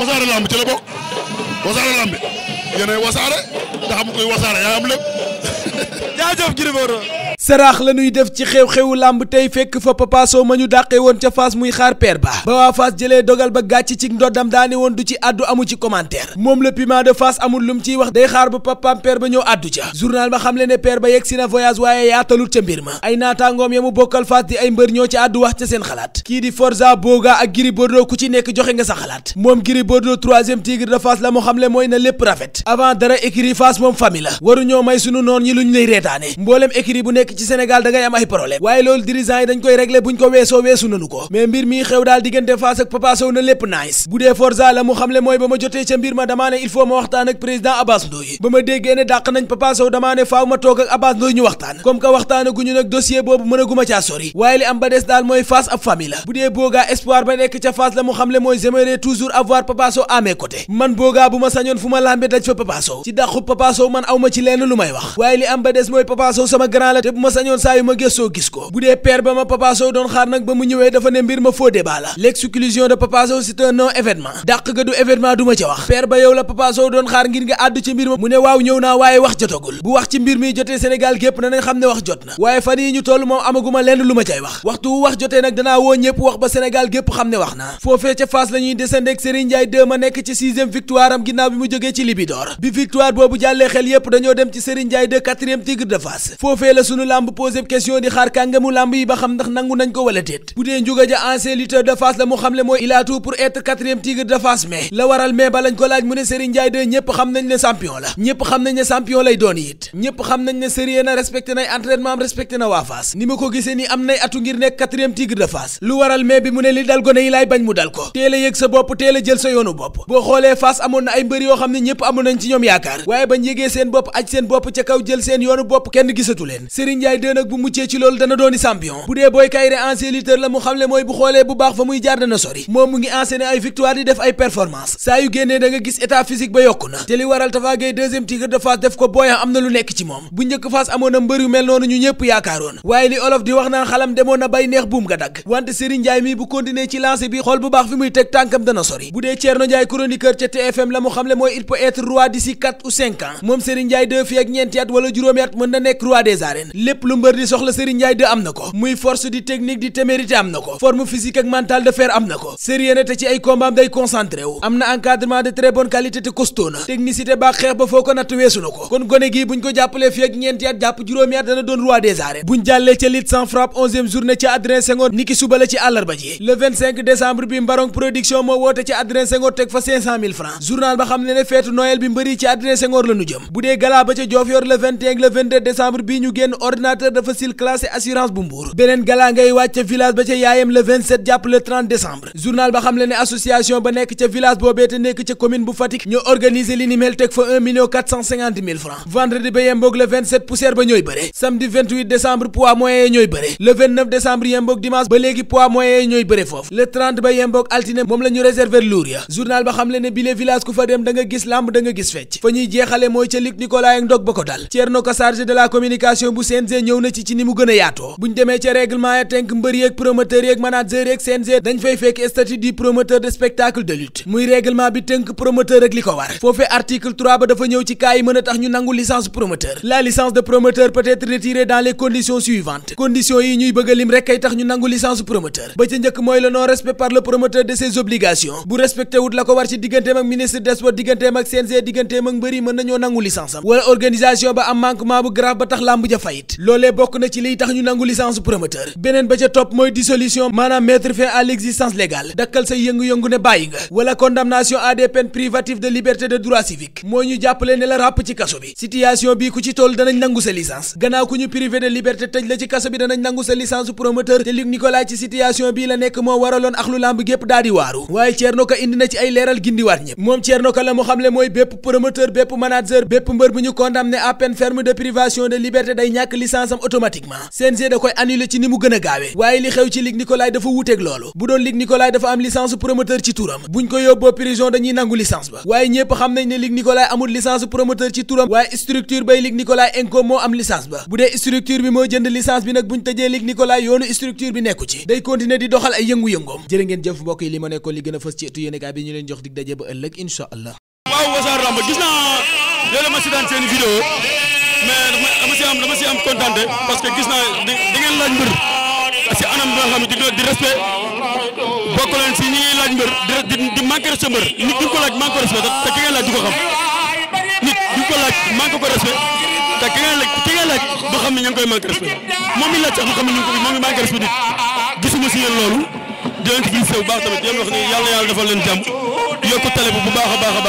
wasaare lamb ci la wasaare lamb yéenay wasaare te xam wasaare yaa am lépp jaajëf Gris Bordeaux saraax la ñuy def ci xew-xewu làmb tey fekk fa Papa Sow ma ñu dàqee woon ca Fass muy xaar peer ba ba waa Fass jëlee dogal ba gàcc ci ndoddam daane woon du ci àddu amu ci commentaire moom le piment de Fass amul lum ciy wax day xaar ba papaam peer ba ñëw àddu ca journal ba xam le ne peer ba yegg si na voyage waaye yaatalut ca mbir ma ay naataangoom ya mu bokkal Fass di ay mbër ñoo ci àddu wax ca seen xalaat kii di Forza Boga ak Gris Bordeaux ku ci nekk joxe nga sa xalaat moom Gris Bordeaux troisième tigre de Fass la xam le mooy na lépp rafet avant dara écurie moom famille la waru ñoo sunu noon ñi luñ lay reetaane mboolem bu nekk nekk ci Sénégal da ngay am ay problème waaye loolu dirigeant yi dañ koy régler buñ ko weesoo weesu nanu ko mais mbir mii xew daal diggante Fass ak Papa na lépp nice bu dee Forza la mu xamle mooy ba ma jotee ca mbir ma damaa ne il faut ma waxtaan ak président Abbas Ndoye ba ma déggee ne dàq nañ Papa damaa ne faaw ma toog ak Abbas Ndoye ñu waxtaan comme que waxtaana guñu nag dossier boobu mën a guma caa sori waaye li am ba des daal mooy Fass ab famille bu ma sañoon saa yu ma gëstoo gis ko bu dee père ba ma Papa doon xaar nag ba mu ñëwee dafa ne mbir ma faux débat la l'exclusion de Papa Sow c'est non événement dàq du événement du ma ca wax père ba yow la Papa doon xaar ngir nga àddu ci mbir ma mu ne waaw ñëw naa waaye wax jotagul bu wax ci mbir mi jotee Sénégal gépp na nañ xam ne wax jot na waaye fan yi ñu toll moom amaguma lenn lu ma cay wax waxtu wu wax jotee nag danaa woo ñëpp wax ba lamb posé question di xaar kàngamu lamb yi ba xam ndax nangu nañ ko wala déet bu dee njuga ja de Fass la mu xamle mooy il pour être quatrième tigre de Fass mais la waral mais ba ko laaj mu ne Serigne Ndiaye de ñëpp xam nañ ne champion la ñëpp xam nañ ne champion lay doon it ñëpp xam nañ ne sérieux na respecté nay entraînement am na waa Fass ni ma ko gisee ni am nay atu ngir nekk quatrième tigre de Fass lu waral mais bi mu ne li Ndiaye 2 nag bu muccee ci loolu dana dooni champion bu dee Boy Kayre ancien lutteur la mu xamle mooy bu xoolee bu baax fa muy jaar dana def gis état physique ba yokku na te li waral ko booyam am na lu nekk ci moom bu njëkk Fass amoon na mbër yu mel noonu ñu ñëpp yaakaaroon waaye li olof di wax naan xalam demoon na bay neex buum nga dagg wante Serigne Ndiaye mi bu continuer ci lancé bi xool bu baax fi muy teg tànkam dana sori bu dee Thierno Ndiaye chroniqueur ca TFM la mu xamle mooy il peut être roi d'ici 4 ou 5 ans moom Serigne Ndiaye 2 fi ak ñeenti at wala juróomi at mën na nekk roi des arènes lépp lu mbër di soxla Serigne Ndiaye de am na ko muy force di technique di témérité am na ko forme physique ak mentale de fer am na ko sérieux na te ci ay combat day concentré am na encadrement de très qualité te costaud na technicité baa xeex ba foo ko natt weesu na ko kon gone gii buñ ko jàppalee fi ak ñeenti at jàpp juróomi at dana doon roi des arènes buñ jàllee ca lit sans frappe onzième journée ci Adrien Senghor niki suba la ci àllarba ji le 25 décembre bi Mbarong production moo woote ci Adrien Senghor teg la ñu coordonnateur de facile classé ba ca yaayam poussière ba ñooy bëre foofu le ba yemboog altine moom la ñu réserver ya journal ba xam ne bile village ku fa dem da gis lamb da gis fecc fa ñuy jeexale mooy ca Luc Nicolaï ndog ba ko dal Thierno Ka chargé de la communication bu seen CNG ñëw na ci ci ni mu gën a yaatoo buñ demee ca règlement ya tënk mbër yeeg promoteur yeeg manager yeeg CNG dañ fay fekk statut muy règlement bi tënk promoteur ak li ko war foofee article 3 ba ci cas yi a tax ñu nangu licence promoteur la licence de promoteur peut être retirée dans les yi ñuy bëgg a lim rek kay ñu nangu licence promoteur ba ca njëkk mooy le non respect par le promoteur de ses obligations bu respecté la ko war ci digganteem ak ministre des sports digganteem ak CNG digganteem ak mbër yi mën nañoo nangu licence am wala organisation ba am manquement bu grave ba tax làmb ja fayit loolee bokk na ci liy tax ñu nangu licence promoteur beneen ba ca topp mooy dissolution maanaam mettre fin à l'existence légale dakkal say yëngu-yëngu ne bàyyi nga wala condamnation à des peines privatives de liberté de droit civique moo ñu jàppale ne la ràpp ci kaso bi situation bi ku ci toll danañ nangu sa licence gannaaw ku ñu privé de liberté tëj la ci kaso bi danañ nangu sa licence promoteur te Luc Nicolaï ci situation bii la nekk moo waraloon ak lu licence am automatiquement CNG da koy annulé ci ni mu gën a waaye li xew ci Luc Nicolaï dafa wuuteeg loolu bu doon Luc Nicolaï dafa am licence promoteur ci turam buñ ko yóbboo prison dañuy nangu licence ba waaye ñépp xam nañ ne Luc Nicolaï amul licence promoteur ci turam waaye structure bay Luc Nicolaï Enco moo am licence ba bu dee structure bi moo jënd licence bi nag buñ tëjee Luc Nicolaï yoonu structure bi nekku ci day continuer di doxal a mais dama si am dama si am kontante parce que gis naa di ngeen laaj mbër si anam bi xam ne di respect di di manqué respect mbër te ki ngeen laaj du ko xam nit du ko laaj manqué ko respect te ki ngeen laaj ki ngeen laaj du xam ne ña ngi koy manqué respect moom mi laaj sax du xam ne ñu ngi ko moom mi manqué respect nit gisuma si yéen loolu di leen ci gis bu baax tamit yéen wax ni yàlla yàlla defal leen jàmm yokku télé bu baax a baax a baax